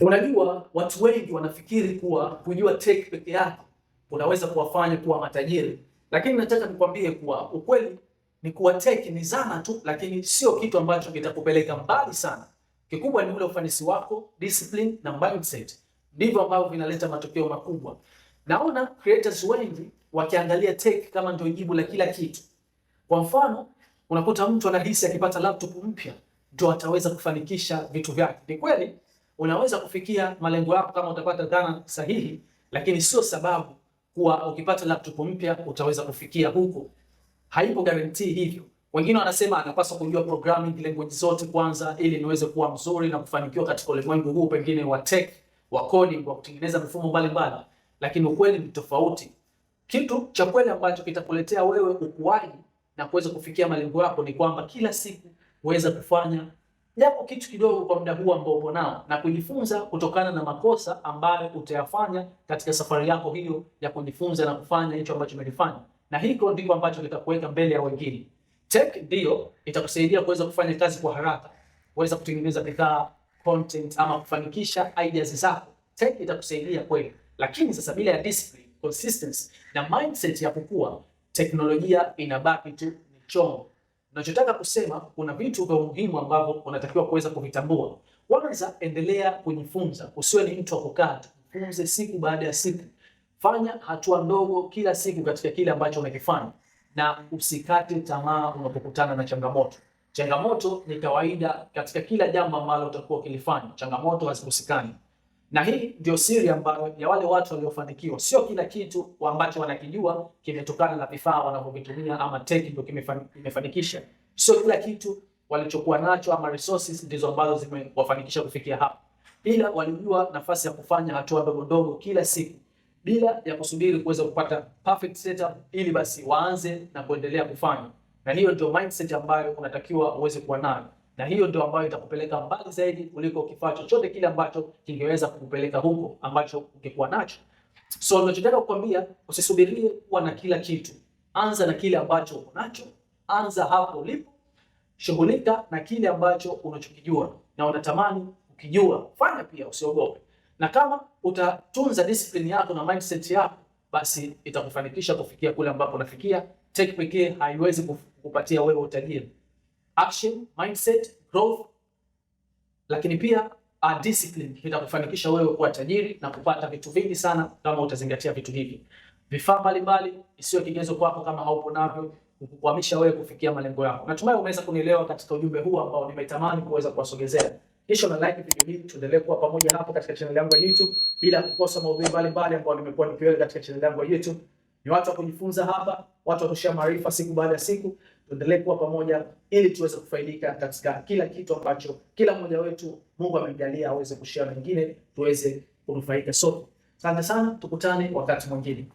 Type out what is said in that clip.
Unajua, watu wengi wanafikiri kuwa kujua tech peke yake unaweza kuwafanya kuwa matajiri, lakini nataka nikwambie kuwa ukweli ni kuwa tech ni zana tu, lakini sio kitu ambacho kitakupeleka mbali sana. Kikubwa ni ule ufanisi wako, discipline na mindset, ndivyo ambavyo vinaleta matokeo makubwa. Naona creators wengi wakiangalia tech kama ndio jibu la kila kitu. Kwa mfano, unakuta mtu anahisi akipata laptop mpya ndio ataweza kufanikisha vitu vyake. Ni kweli unaweza kufikia malengo yako kama utapata dhana sahihi, lakini sio sababu kuwa ukipata laptop mpya utaweza kufikia huko. Haipo guarantee hivyo. Wengine wanasema anapaswa kujua programming language zote kwanza, ili niweze kuwa mzuri na kufanikiwa katika ulimwengu huu pengine wa tech, wa coding, wa kutengeneza mifumo mbalimbali, lakini ukweli ni tofauti. Kitu cha kweli ambacho kitakuletea wewe ukuaji na kuweza kufikia malengo yako ni kwamba kila siku uweza kufanya japo kitu kidogo kwa muda huu ambao upo nao na kujifunza kutokana na makosa ambayo utayafanya katika safari yako hiyo ya kujifunza na kufanya hicho ambacho umelifanya, na hiko ndiko ambacho kitakuweka mbele ya wengine. Tech ndio itakusaidia kuweza kufanya kazi kwa haraka, kuweza kutengeneza bidhaa, content ama kufanikisha ideas zako. Tech itakusaidia kweli, lakini sasa bila ya discipline, consistency na mindset ya kukua, teknolojia inabaki tu ni chombo Nachotaka kusema kuna vitu vya umuhimu ambavyo unatakiwa kuweza kuvitambua. Kwanza, endelea kujifunza, usiwe ni mtu wa kukaa. Jifunze siku baada ya siku, fanya hatua ndogo kila siku katika kile ambacho unakifanya, na usikate tamaa unapokutana na changamoto. Changamoto ni kawaida katika kila jambo ambalo utakuwa ukilifanya, changamoto hazikosekani. Na hii ndio siri ambayo ya wale watu waliofanikiwa. Sio kila kitu ambacho wanakijua kimetokana na vifaa wanavyovitumia ama tech ndio kimefanikisha. Sio kila kitu walichokuwa nacho ama resources ndizo ambazo zimewafanikisha kufikia hapa, ila walijua nafasi ya kufanya hatua ndogo ndogo kila siku bila ya kusubiri kuweza kupata perfect setup, ili basi waanze na kuendelea kufanya. Na hiyo ndio mindset ambayo unatakiwa uweze kuwa nayo na hiyo ndio ambayo itakupeleka mbali zaidi kuliko kifaa chochote kile ambacho kingeweza kukupeleka huko ambacho ungekuwa nacho. So ninachotaka kukwambia, usisubirie kuwa na kila kitu, anza na kile ambacho uko nacho, anza hapo ulipo, shughulika na kile ambacho unachokijua na unatamani ukijua, fanya pia, usiogope. Na kama utatunza discipline yako na mindset yako, basi itakufanikisha kufikia kule ambapo unafikia. Tech pekee haiwezi kukupatia wewe utajiri action, mindset, growth, lakini pia a discipline itakufanikisha wewe kuwa tajiri na kupata vitu vingi sana kama utazingatia vitu hivi. Vifaa mbalimbali isiyo kigezo kwako kama haupo navyo kukuhamisha wewe kufikia malengo yako. Natumai umeweza kunielewa katika ujumbe huu ambao nimetamani kuweza kuwasogezea. Kisha na like video hii, tuendelee kuwa pamoja hapo katika channel yangu ya YouTube bila kukosa maudhui mbalimbali ambayo nimekuwa nikiweka katika channel yangu ya YouTube. Ni watu wa kujifunza hapa, watu wa kushare maarifa siku baada ya siku tuendelee kuwa pamoja ili tuweze kufaidika katika kila kitu ambacho kila mmoja wetu Mungu amejalia aweze kushare na wengine, tuweze kunufaika sote. Asante sana, tukutane wakati mwingine.